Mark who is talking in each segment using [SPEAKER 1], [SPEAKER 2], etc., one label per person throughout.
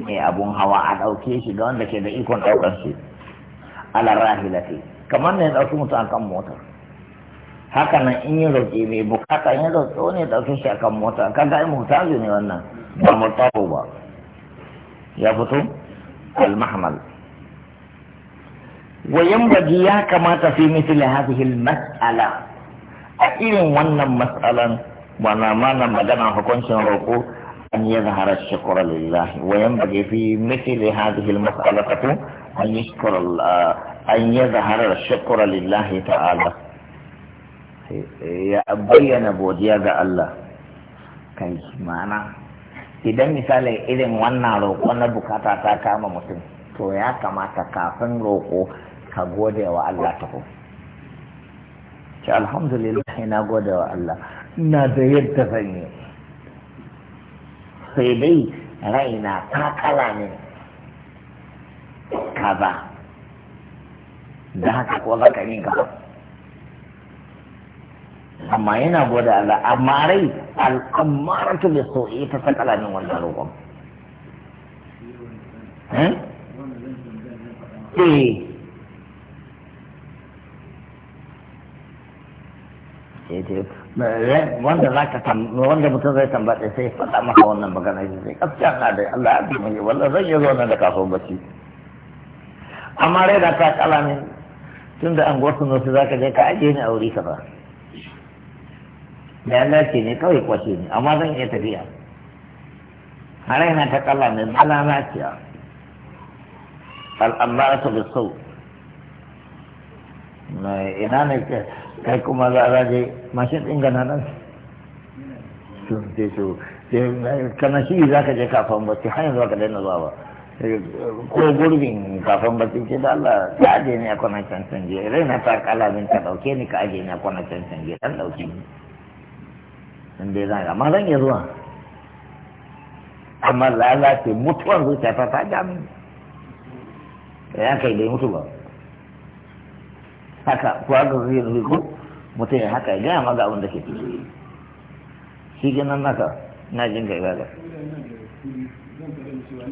[SPEAKER 1] mai abun hawa a ɗauke shi ga wanda ke da ikon ɗaukar shi ala rahilati kamar ne ɗauki mutu a kan mota haka nan in yi roƙi mai bukata in yi roƙi ne ɗauke shi a kan mota kaga ai mutazu ne wannan ba mutabu ba ya fito al-mahmal Wayan yanbaghi ya kamata fi misali hadhihi al-mas'ala a irin wannan mas'alan ma mana magana hukuncin roƙo أن يظهر الشكر لله وينبغي في مثل هذه المسألة أن يشكر أن يظهر الشكر لله تعالى ya bayyana godiya ga Allah kai mana idan misali irin wannan roƙo na bukata ta kama mutum to ya kamata kafin roƙo ka gode Allah ta ce alhamdulillah na gode Allah ina da yadda zan yi sai dai raina ta kala ne kaza da haka ko za ka yi amma yana gwada Allah amma rai al'ammaratu da so'i ta kala min wannan roƙon eh, eh. ce eh, wanda za ka tambaye wanda mutum zai tambaye sai faɗa maka wannan magana shi sai kafin na da Allah ya tambaye wanda wallahi zan iya zo nan da kafin bacci amma rai da ka kala ne tun da an gwasu nosu za ka je ka ajiye ni a wuri ka ba da ya dace ne kawai kwace ne amma zan iya tafiya a rai na ta kala ne malalaciya al'amma ta bisau ina ne ke kai kuma za a je mashin ɗin gana nan su kana shi za ka je kafin bacci hanyar zuwa ka daina zuwa ba ko gurbin kafin bacci ce da Allah ta aje ni a kwanan can canje rai na ta min ka dauke ni ka aje ni a kwanan can canje ɗan dauke ni in dai zan amma zan iya zuwa amma lalace mutuwar zuciya ta ta jami ya kai bai mutu ba haka kuwa ga zai zuwa mutum ya haka ya gaya maza abin da ke ciki shi ganin naka na jin ka gaga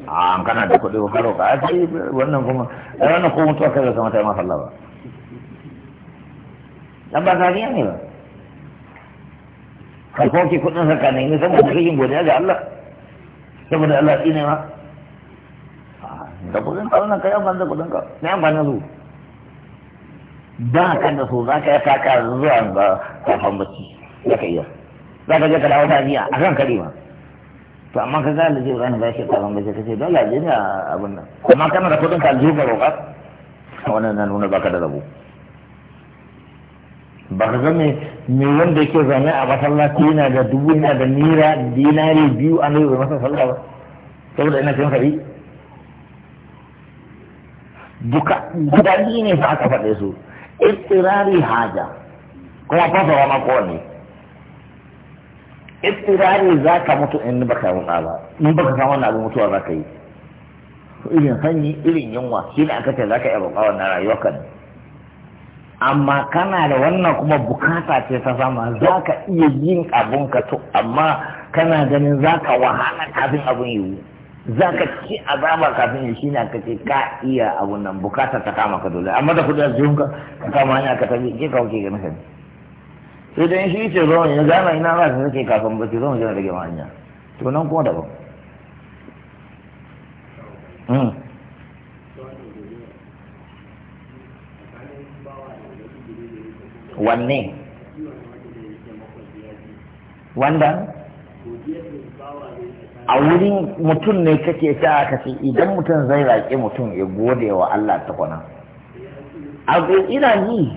[SPEAKER 1] a an kana da kuɗi ka a ce wannan kuma ai wannan ko mutuwa kai kama ta yi masa ba dan ba zariya ne ba ka koke kuɗin sa ne nemi saboda rikin godiya ga Allah saboda Allah shi ne ma da kuɗin ka wannan kai amfani da kuɗin ka ne amfani da su ba ka da so za ka yi taka zuwa ga kafan bacci za ka iya za ka je ka dawo tafiya a kan kare ma to amma ka zai lalace wani bashi kafan bacci ka ce don laje ne abin nan amma kana da kudin ka aljihu ka roƙa wannan na nuna baka da rabo ba ka zame me wanda yake zaune a masallaci yana da dubu yana da nira dinari biyu an yi masa sallah ba saboda ina cin kari. duka gudanzu ne fa aka faɗe su istirari haja kuma fasawa mako ne istirari za ka mutu in ka yi ba in ka samu wannan abu mutuwa za ka yi irin sanyi irin yunwa shi ne aka ce za ka iya roƙa wannan rayuwar ne amma kana da wannan kuma bukata ce ta sama za ka iya yin abun ka to amma kana ganin za ka wahala kafin abun yiwu za ka ci azaba kafin ya shina ka ce ka iya abun nan bukatar ta kama ka dole amma da kudi a cikin ka ka kama hanya ka tafi ke ka wuce ganin sani sai dan shi ce zo ya gana ina za ka sake kafin ba ce zo mu rage ma hanya to nan kuma daban hmm. wanne wanda a wurin mutum ne kake ta aka ce idan mutum zai raƙe mutum ya gode wa Allah ta kwana. a ina ni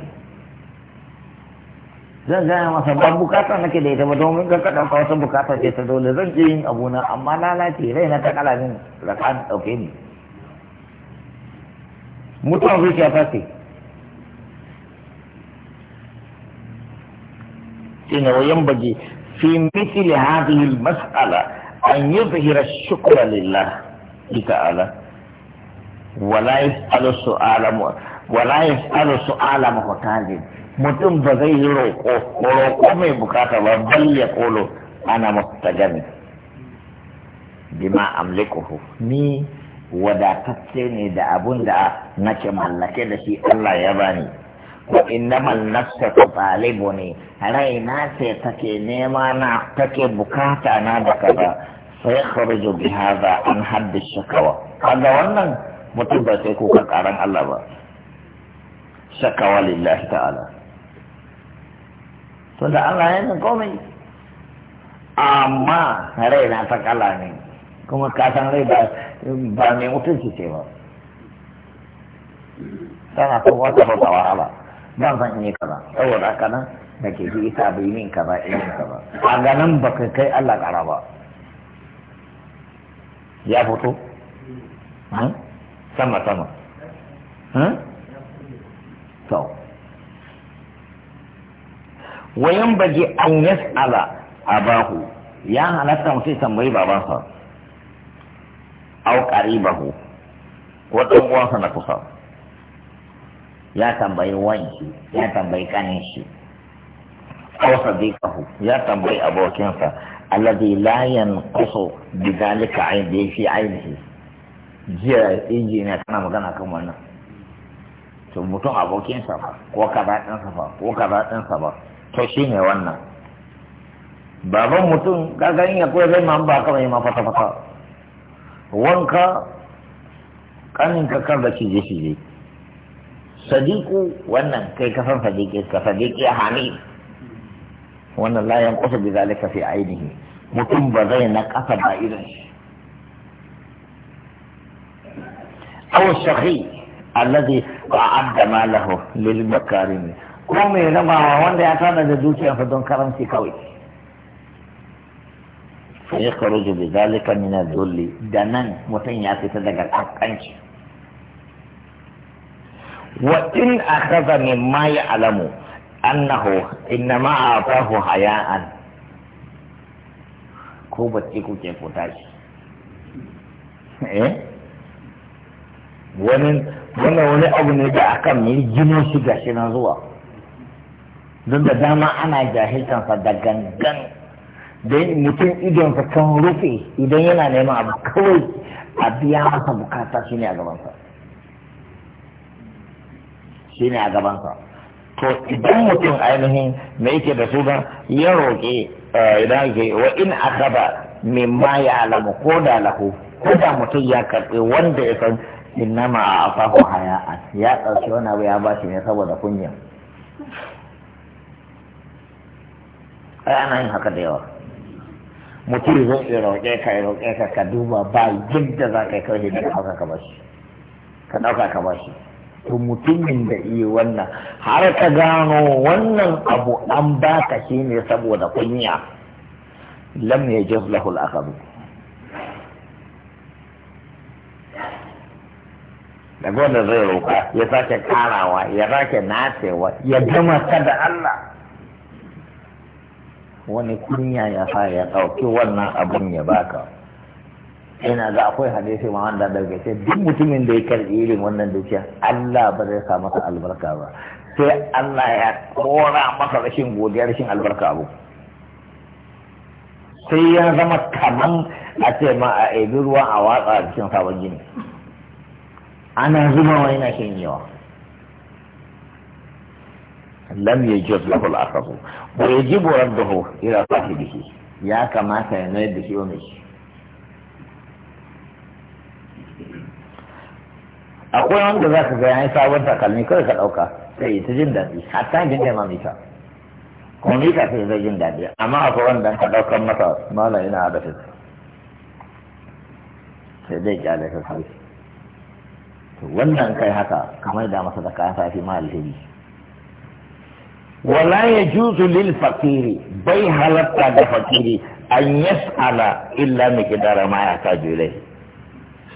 [SPEAKER 1] zan gaya masa ba bukata nake da ita ba domin ga kaɗan ka wata bukata ce ta dole zan je yin abuna amma lalace rai na ta kala min rakan ɗauke ni mutuwa zuciya ta ce shine wayan baje fi mithli hadhihi masala an yuzhira shukra lillah ta'ala wala yasalu su'ala wala yasalu su'ala muhtajin mutum ba zai yi roƙo roƙo mai bukata ba bal ya kolo ana mustajani bima amlikuhu ni wadatacce ne da abun da nake mallake da shi Allah ya bani wa innamal nafsa talibu ne raina ce take nema na take bukata na da kaza فيخرج بهذا عن حد الشكوى هذا ونن متبع سيكو كقارن الله با شكوى لله تعالى فلا الله هنا قومي أما هرينا تكالاني كما كاسان لي با بامي متنسي سيوا tana so wata bauta wahala ba zan اولا kaza نكي haka nan da ke ji isa اغنم بكي kaza in kaza ya fito hmm? sama sama hmm? to wayan baje an yas'ala abahu ya halatta mutum tambayi babansa au qaribahu ko dan uwansa na kusa ya tambayi wanki ya tambayi kanin shi أو صديقه ya tambayi abokinsa alladhi la yanqusu bidhalika aidi fi ainihi jiya injiniya kana magana kan wannan to mutum abokinsa fa ko kaza ɗinsa fa ko kaza ɗinsa ba to shi ne wannan baban mutum kaga in akwai zai ma ba kawai ma fata fata wanka kanin ka kar da cije cije sadiku wannan kai kasan sadiki ka sadiki hani wannan layin kusa bi zalika fi ainihi mutum ba zai na kafa da irin shi aw shaqi alladhi qa'adda lahu lil makarim ko mai rabawa wanda ya tana da dukiya fa don karamci kawai fa yakhruju bi zalika min adh danan mutum ya fita daga kankanci wa in akhadha mimma ya'lamu annahu innama atahu haya'an ko bacci kuke ko eh? wani wani wani abu ne da akan mai gino shi shi na zuwa don da dama ana jahiltansa da gangan mutum idonsa kan rufe idan yana neman abu kawai a biya masa bukata ne a gabansa shine a gabansa to idan mutum ainihin me yake da suna ya roƙi idan eh, ke wa in mai ma ya alamu ko da lahu ko da mutum ya karɓi wanda ya san innama a afahu haya ya ɗauki wani abu ya bashi ne saboda kunya ai ana yin haka da yawa mutum zai iya roƙe ka ya roƙe ka ka duba ba yadda za ka yi kawai ka ka ɗauka ka to mutumin da iya wannan har ka gano wannan abu an baka shi ne saboda kunya lam ya jaz lahul daga wanda zai roƙa ya sake karawa ya sake nacewa ya gama ka da Allah wani kunya ya sa ya ɗauki wannan abun ya baka yana za akwai hadisi ma wanda daga ce duk mutumin da ya karbi irin wannan dukiya Allah ba zai sa masa albarka ba sai Allah ya kora masa rashin godiya rashin albarka abu sai ya zama kaman a ce ma a ebi ruwa a watsa a cikin sabon gini ana zuba wa yana shan yawa lam yajuz lahu al-akhru wa yajibu radduhu ila sahibihi ya kamata ya mayar da shi wa mai akwai wanda za ka gaya ya sabon takalmi kawai ka ɗauka sai ta jin daɗi hatta jin da mamita kuma mita sai zai jin daɗi amma akwai wanda ka ɗaukar mata mala ina da shi sai ki kyale ka kai wannan kai haka kamar da masa da kayan safi ma alheri wala ya juzu lil fakiri bai halatta da fakiri an yas'ala illa miqdara ma ya sa julai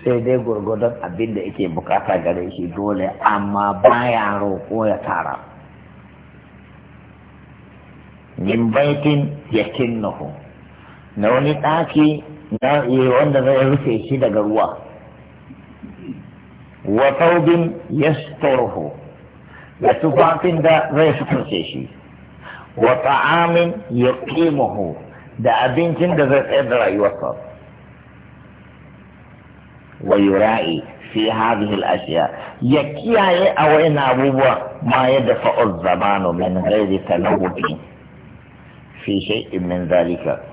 [SPEAKER 1] sai dai gurgudun abin da yake bukata gare shi dole amma baya roƙo ya tara min baitin nahu na wani ɗaki na eh, wanda zai rufe shi daga ruwa wa taubin yasturhu da tufafin da zai suturce shi wa ta'amin yaqimuhu da abincin da zai tsayar da rayuwarsa wa yura'i fi hadhihi al-ashya ya kiyaye a wayna abubuwa ma ya dafa az-zamanu min ghairi talawudi fi shay'in min zalika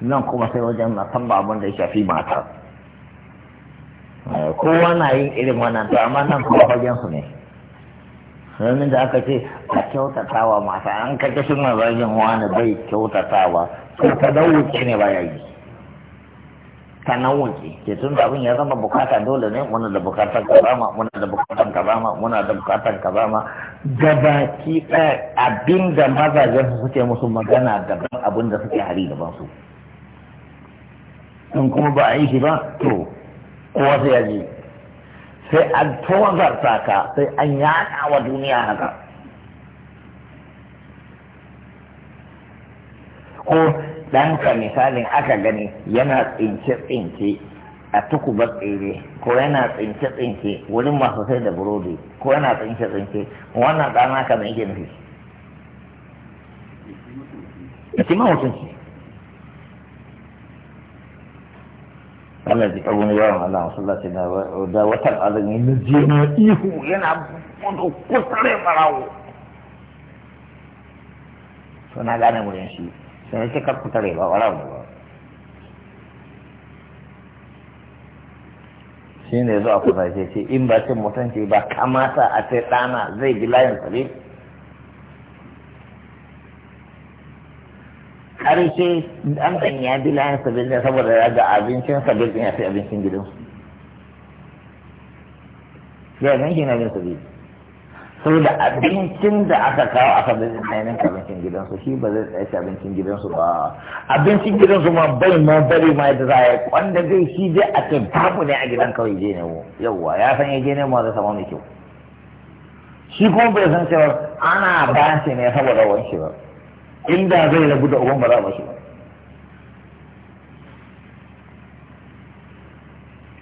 [SPEAKER 1] nan kuma sai wajen na san ba abin da ya shafi mata eh, kowa na yin irin wannan to amma nan kuma fagen su ne sanin da aka ce a kyautatawa mata an kaga sun mazajin wani bai kyautatawa to ta dauke ne ba yi wuce ke tun da abin ya zama bukata dole ne muna da bukatar kazama muna da bukatar kazama muna da bukatar ga baki ɗaya abin da mazajen su suke musu magana daban abin da suke hari da su in kuma ba a yi shi ba to kowa sai ya ji sai an tozarta ka sai an yaɗa wa duniya haka ɗanka misalin aka gani yana tsince-tsince a tukuba tsere ko yana tsince-tsince wurin masu sai da burodi ko yana tsince-tsince wannan ɗana ka mai yake nufi ya ce mutunci wannan ji abu ne yawan Allah masallaci na da watan azumi na jini ihu yana kudu kusare barawo suna gane wurin shi sai ce ka ku tare ba wala ba shi ne zuwa kusa ce ce in ba cin mutunci ba kamata a ce ɗana zai bi layin tsare ƙarshe an ɗan ya bi layin sabin ne saboda ya ga abincin sabin ya fi abincin gidansu ya gan shi na bin sabin da abincin da aka kawo aka zai tsayanin abincin gidansu shi ba zai tsaye abincin gidansu ba abincin gidansu ma bai ma bari ma yadda za a yi wanda zai shi dai a ce babu ne a gidan kawai je ne yauwa ya san ya je ne ma zai samu mai kyau shi kuma bai san cewa ana ba shi ne saboda wani shi ba inda zai rabu da uban ba za a ba shi ba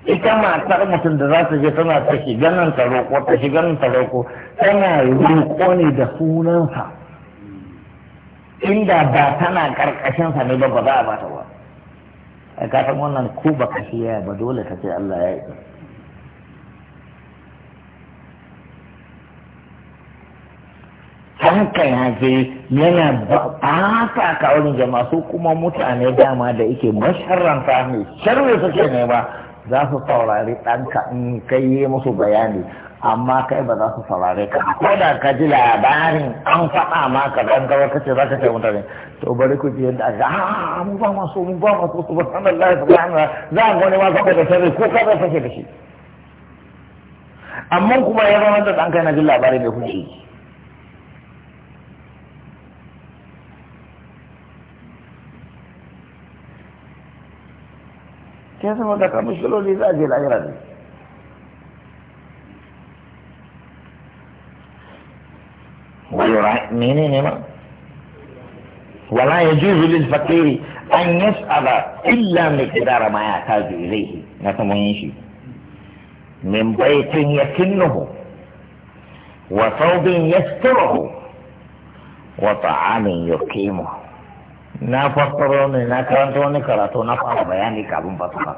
[SPEAKER 1] ita matar mutum da za ta je tana ta shiga nan ta roƙo ta shiga nan ta roƙo tana roƙo ne da sunansa inda ba tana ƙarƙashinsa ne ba ba za a bata ba a kasan wannan ko ba ka shiya ba dole ka ce Allah ya yi hanka ya je yana ba ka wurin jama'a su kuma mutane dama da yake masharanta ne sharri suke ne ba za su saurari ɗanka in kai yi musu bayani amma kai ba za su saurare ka ko da ka ji labarin an faɗa ma ka dan gaba ka ce za ka kai mutane to bari ku ji yadda aka a ah, mu ba ma so mu ba ma so subhanallahi subhanallah za a gani ma ka da ko ka zai fashe da shi amma kuma ya zama da ɗanka yana jin labarin mai kuke كيف ما قلت مشغلوا لي العيران ولا يجوز للفقير أن يسأل إلا مقدار ما يحتاج إليه نتمنيشي من بيت يكنه وثوب يستره وطعام يقيمه na fassaro ne na karanta wani karatu na fara bayani kafin fassara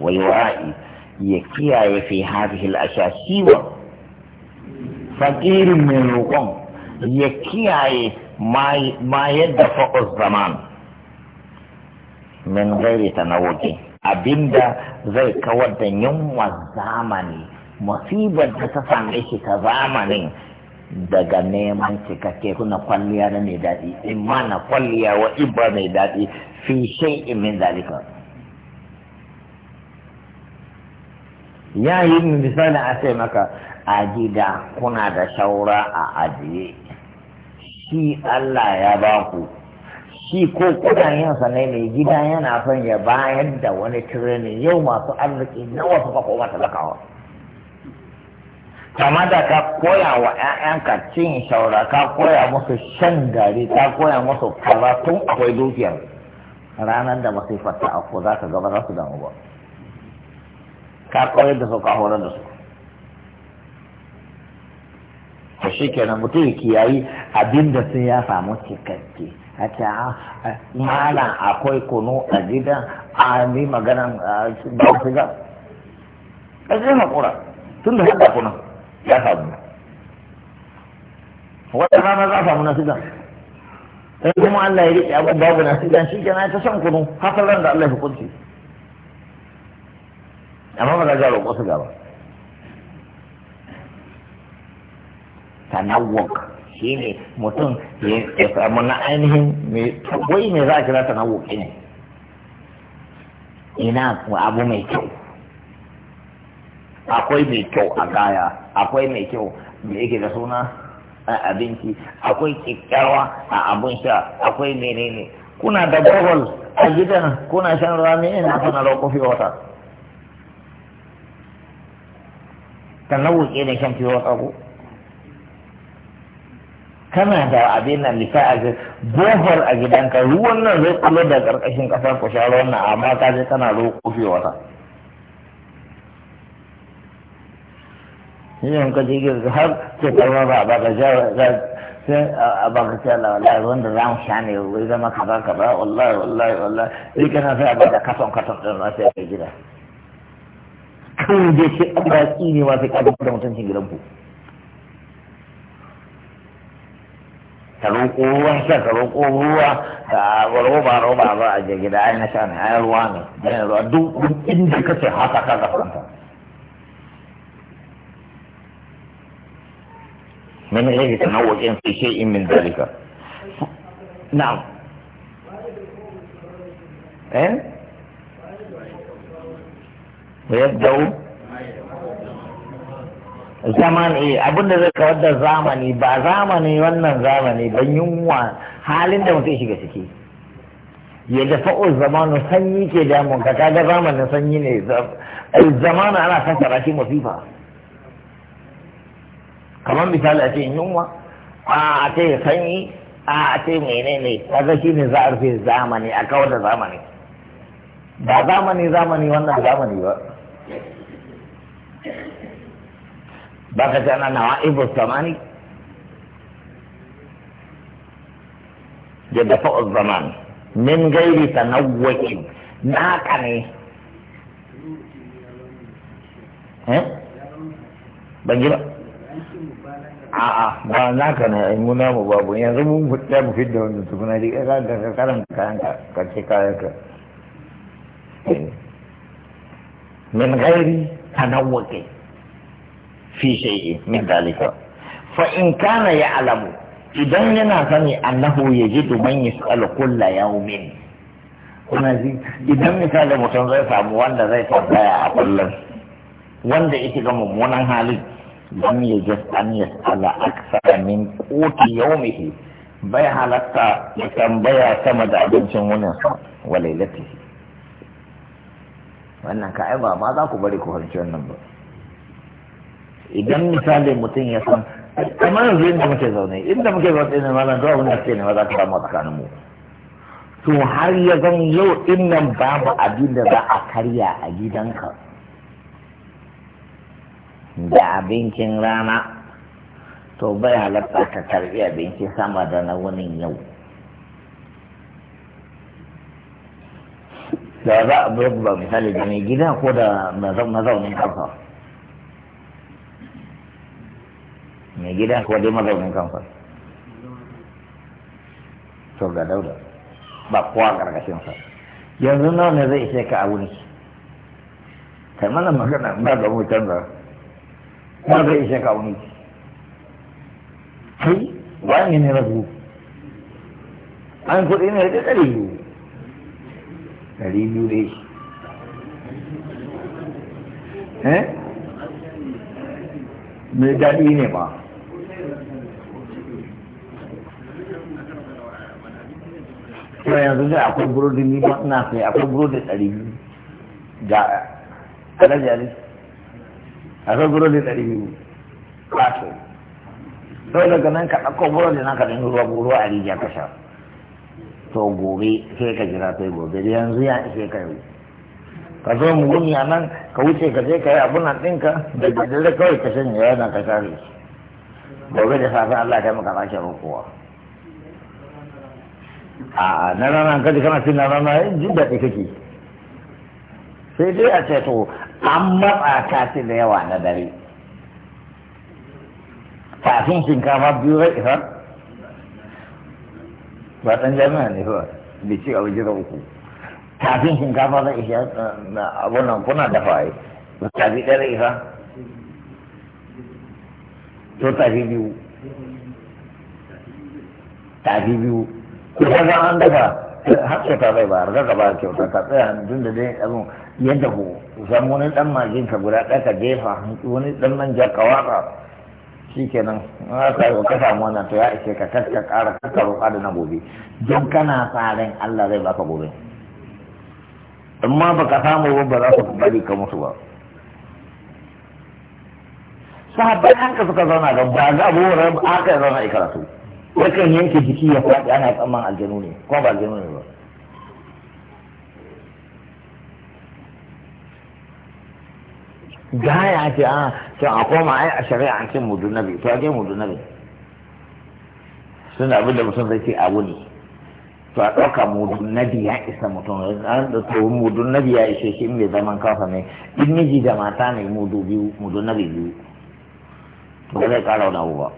[SPEAKER 1] wa yu'ai ya kiyaye fi hadhihi al-ashashi wa fakirin mai ya kiyaye ma yadda faƙos zaman min gairi tanawuki abinda zai kawar da yunwa zamani masibar da ta same shi ta zamanin daga neman cikakke kuna kwalliya na mai daɗi imma na kwalliya wa ibba mai daɗi fi in min zalika ya yi misali a sai maka a gida kuna da shaura a ajiye shi Allah ya ba ku shi ko kuna yin sanai mai gida yana son ya bayar da wani training yau masu arziki nawa suka koma talakawa kama da ka koya wa 'ya'yanka cin shaura ka koya musu shan gari ka koya musu kaza tun akwai dukiyar ranar da fata a ko za ka gaba za su damu ba ka koyar da su ka horar da su to shi kenan mutum ya kiyayi abin da sun ya samu cikakke a ce ah, ah, malam akwai kunu a gidan a ni maganan ba su ga ƙasar haƙura tun da haɗa kunan ya samu wata rana za a samu sigan, sai kuma Allah ya riƙe abin babu na sigan, shi kenan ta san kunu ran da Allah ya hukunci amma ba za a roƙo su gaba tanawwuk shi ne mutum ya samu na ainihin wai me za a kira tanawwuk ne ina abu mai kyau akwai mai kyau a kaya akwai mai kyau da yake da suna a abinci akwai kyakkyawa a abun sha akwai menene kuna da bohol a gidan kuna shan ruwa ne ina kana da kofi wata tanawu ke da shan fiye wata ko kana da abin nan lisa a bohol a gidanka ruwan nan zai kula da karkashin kasar ku sha ruwan nan amma ka je kana roƙo kofi wata yin ka jirgin har ce karma ba ba ka sai a baka ce Allah wallahi wanda za mu sha ne wai zama kaza kaza wallahi wallahi wallahi sai na sai a baka katon katon din na sai ka gida Kan dai shi an ba ne ma sai ka da mutuncin gidan ku ka roƙo ruwa sai ka roƙo ruwa ka roba roba ba a je gida ai na sha ne ai ruwa ne ruwa duk inda kace haka ka ga fanta من غير تنوع في شيء من ذلك نعم ايه ويبدأ zamani abin da zai kawar da zamani ba zamani wannan zamani ba yunwa halin da mutum shiga ciki ya da fa'o zamanu sanyi ke damun ka kaga zamanin sanyi ne zamanu ana fassara shi masifa kamar misali a ce yunwa a ce sanyi a ce menene kaga shi ne za a rufe zamani a kawar da zamani ba zamani zamani wannan zamani ba ba ka ce ana nawa ibu zamani da dafa zaman min gairi tanawwaki naka ne eh? ban ji ba a'a ba na ka ne ai mu babu yanzu mun fita mu da wannan tukuna ji ka ka karanta kayan ka ka ce kayan ka eh. min ghairi tanawwuqi fi shay'in min dalika fa in kana ya'lamu idan yana sani annahu yajidu man yas'alu kulla yawmin kuna ji idan misali mutum zai samu wanda zai tambaya a kullum wanda ita ga mummunan halin ya yajid an sala akthara min kuti yaumihi bai halatta ya tambaya sama da abincin wannan wa lailatihi wannan ka ba ma za ku bari ku harci wannan ba idan misali mutum ya san kamar yanzu inda muke zaune inda muke zaune ne malam zuwa wannan ce ne ma za ka samu tsakanin mu to har ya zan yau din nan babu abin da za a karya a gidanka da abincin rana to bai halatta ka karbi abinci sama da na wani yau da za a ba misali da mai gida ko da mazaunin kamfa mai gida ko dai mazaunin kamfa to ga dauda ba kowa karkashinsa yanzu nawa ne zai ishe ka a wuni kai mana magana ba ga mutan ba na zai ishe ka kai wani ne rabu an kuɗi ne da ɗari biyu ɗari biyu da eh mai daɗi ne ba to yanzu dai akwai burodi ni ba ina sai akwai burodi ɗari biyu ga akwai burodi ɗari biyu ƙato sau daga nan ka ɗauko burodi na ka ɗin ruwa ruwa a rijiya ka sha to gobe sai ka jira sai gobe da yanzu ya ishe ka yau ka zo mu gumi a nan ka wuce ka je ka yi abu nan ɗinka da dare kawai ka shanya yana ka share gobe da safe Allah ya maka sake wa. a na rana ka kana cin na rana jin daɗi kake sai dai a ce to an matsa kaci da yawa na dare kafin shinkafa biyu zai isa ba ɗan jami'a ne ba bai ci a wajen uku kafin shinkafa zai isa na abunan kuna dafa yi tafi ɗaya zai isa to tafi biyu tafi biyu kusa an dafa har kyauta bai ba har gaba kyauta ka tsaya tun da dai abin yadda ku san wani dan majin ka guda ɗaya ka jefa wani dan manja ka waka shi kenan na ka yi ka samu wannan to ya ishe ka kar ka ƙara kar ka roƙa da na gobe don kana sa Allah zai baka gobe amma ka samu ba ba za su bari ka musu ba sahabbai an ka suka zauna ga ba ga abubuwan aka zauna a karatu yakan yanke jiki ya faɗi ana tsamman aljanu ne kuma ba aljanu ne ba gaya ce a ah, to a koma ai a shari'a an ce mudu nabi to a je mudu nabi suna abin da mutum zai ce abu ne to a ɗauka mudun nabi ya isa mutum an da to mudun nabi ya ishe shi mai zaman kafa ne in miji da mata ne mudu biyu mudun nabi biyu to ba zai ƙara wani abu ba.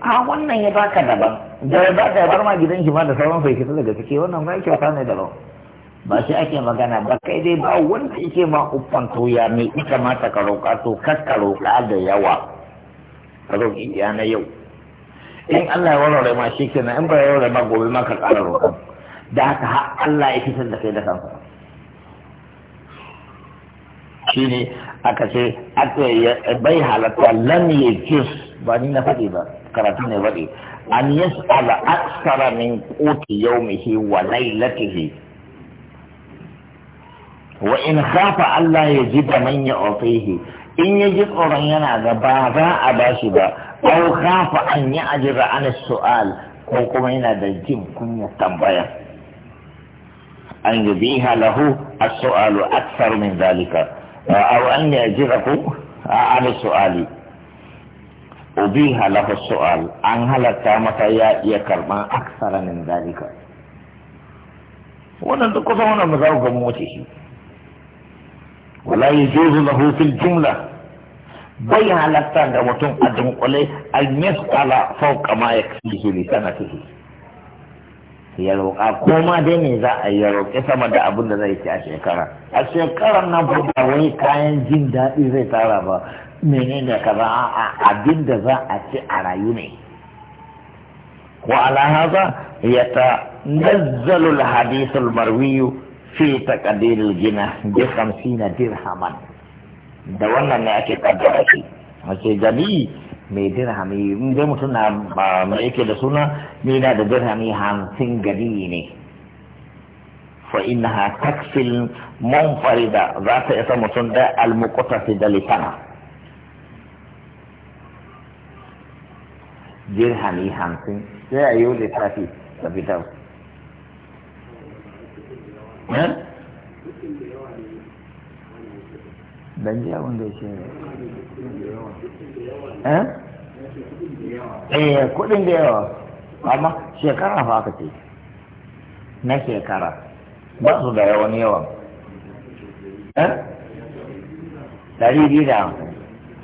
[SPEAKER 1] a wannan ya baka daban da ya baka ya bar ma gidan shi ma da sauran sai kita daga ciki wannan ba kyauta ne da daban ba shi ake magana ba kai dai ba wanda yake ma uffan toya mai ita ma ta ka to kar da yawa ka roƙi iya na yau
[SPEAKER 2] in Allah ya warware
[SPEAKER 1] ma shi kenan in ba ya warware ma gobe ma ka ƙara roƙa da haka Allah ya fitar da kai da kansa shine aka ce bai halatta lam yajuz بني نفريبا كراتين وري أن يسأل أكثر من قوت يومه وليلته وإن خاف ألا يجد من يعطيه إن يجد أرينا غبا غا أباشبا أو خاف أن يعجب عن السؤال كوكما إنا دجيم كن أن يبيها له السؤال أكثر من ذلك أو أن يأجركم عن السؤال ubiha halafa su'al an halatta masa ya iya karban aksara min zalika wannan duk kusan wannan ba mu shi wala yajuzu na hufin jumla bai halatta ga mutum a dunkule an yasala fawqa ma yakfihi sana sanatihi ya roƙa ko ma dai ne za a yi roƙe sama da abin da zai ci a shekara a shekarar nan ba wani kayan jin daɗi zai tara ba menene kaza a abin da za a ci a rayu ne wa ala hadha yatanazzalu alhadith almarwi fi taqdir aljina bi 50 dirhaman da wannan ne ake kaddara shi wace gani mai dirhami in dai mutum na mai yake da suna ni na da dirhami hamsin gani ne فإنها تكفي المنفرد ذات يتمتن المقتصد لسنة dirhami hamsin sai a yi tafi ka fitar ban ji abin da shi ne eh kudin da yawa amma shekara fa aka ce na shekara ba su da yawan yawan dari biyu da hamsin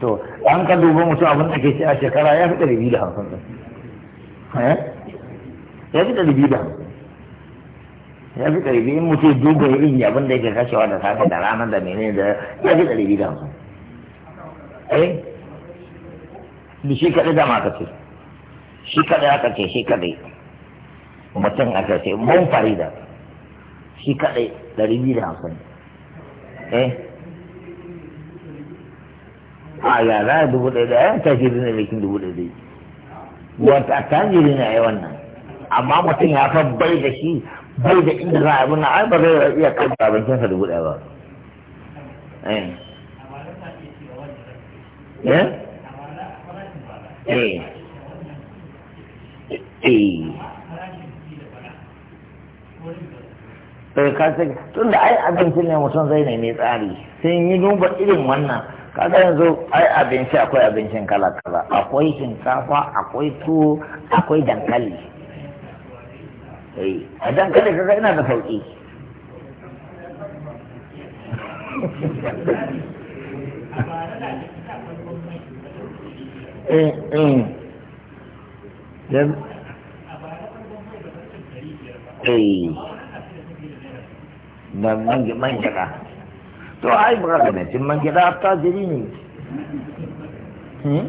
[SPEAKER 1] to an ka duba mutum abin da ke ci a shekara ya fi ɗari biyu da hamsin ɗin eh? ya fi ɗari biyu da hamsin ya fi ɗari biyu in mutum duba irin abin da yake kashewa da safe da ranar da menene da ya fi ɗari biyu da hamsin eh da shi kaɗai da ma ce shi kaɗai aka ce shi kaɗai mutum aka ce mun farida shi kaɗai ɗari biyu da hamsin eh a yara dubu ɗaya da yan tajiri ne bikin dubu ɗaya dai wata tajiri ne a yi wannan amma mutum ya fa bai da shi bai da inda za a yi wannan ai ba zai iya kai abincinsa dubu ɗaya ba eh eh sai eh. eh. eh, ka tun da ai abinci ne mutum zai nemi tsari sai yi duba irin wannan kaga yanzu ai abinci akwai abincin kala kala akwai shinkafa akwai tuwo akwai dankali eh, a dankali kaga ina da sauki Eh, man man man to ai ba ka mai man gida ta jiri ne hmm?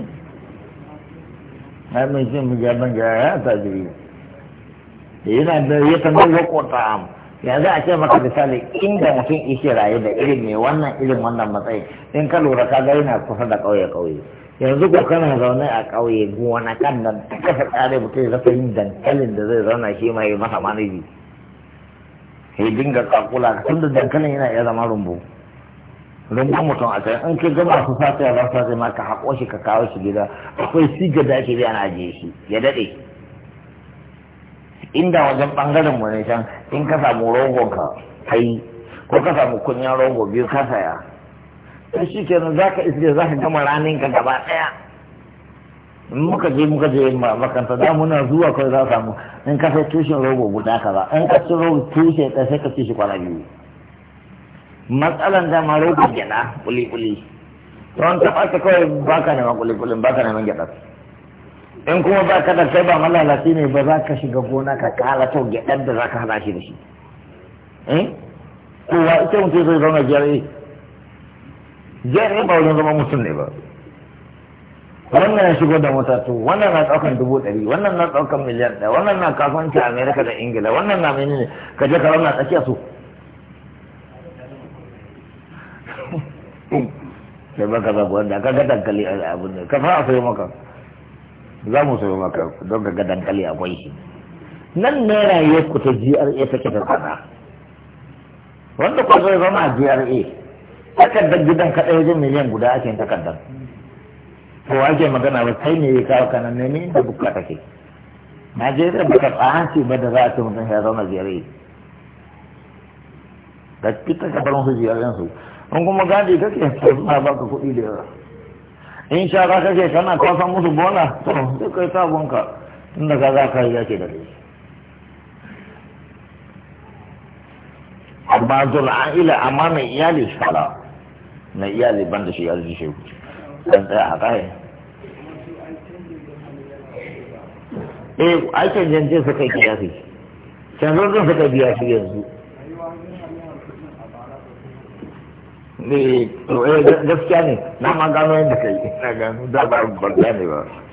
[SPEAKER 1] ai mai cin ga ban ga ya ta jiri ne yana da ya kamar lokota am yanzu a ce maka misali inda mutum ishe raye da irin mai wannan irin wannan matsayi in ka lura ka ga yana kusa da ƙauye-ƙauye yanzu ko kana zaune a ƙauye gona kan nan ka kasa tsare mutum ya rasa yin dankalin da zai zauna shi ma ya masa manaji ya dinga kakula tun da dankalin yana iya zama rumbu rungun mutum a can an ka gaba su sace a zan sace ma ka haƙo shi ka kawo shi gida akwai sigar da ake biya na ajiye shi ya daɗe inda wajen ɓangaren mu ne can in ka samu rogon ka kai ko ka samu kunyan rogo biyu ka saya to shi nan za ka iske za ka gama ranin ka gaba ɗaya in muka je muka je makanta da muna zuwa kawai za samu in ka sai tushen rogo guda kaza in ka ci rogo tushe ɗaya sai ka ci shi kwana biyu matsalan dama rogo gyada kuli-kuli don taɓa ta kawai baka neman kuli-kulin baka neman gyada in kuma ba da kai ba malalaci ne ba za ka shiga gona ka kala to gyadar eh? eh. da za ka hada shi da shi kowa ita mutum zai zama jere jere ba wajen zama mutum ne ba wannan ya shigo da mota to wannan na daukan dubu ɗari wannan na daukan miliyar ɗaya wannan na kasuwanci amerika da ingila wannan na menene ka je ka zauna tsakiya su sai baka zabu wanda ka ga dankali a abin da ka fara sayo maka za mu sayo maka don ka ga dankali akwai shi nan ne rayuwar ku ta GRA ta ta tsada wanda ku zai zama a GRA takardar gidan ka ɗaya jin miliyan guda ake takardar to ake magana ba kai ne ya kawo kanan ne ne da bukka take Najeriya ba ta tsahanci ba da za a ce mutum ya zauna GRA da kita ka bar musu GRA su in kuma gadi kake to suna baka kuɗi da yawa in shara kake kana kwasa musu bola to sai kai sabonka tunda ka za ka yi yake da shi amma ila amma mai iyali shara mai iyali ban da shi ya zuci shi ɗan tsaya a kai eh aikin janje suka yi kiyasi canzon suka biya shi yanzu Eh, gaskiya ne na ma gano yadda kai na gano da ba gwarda ne ba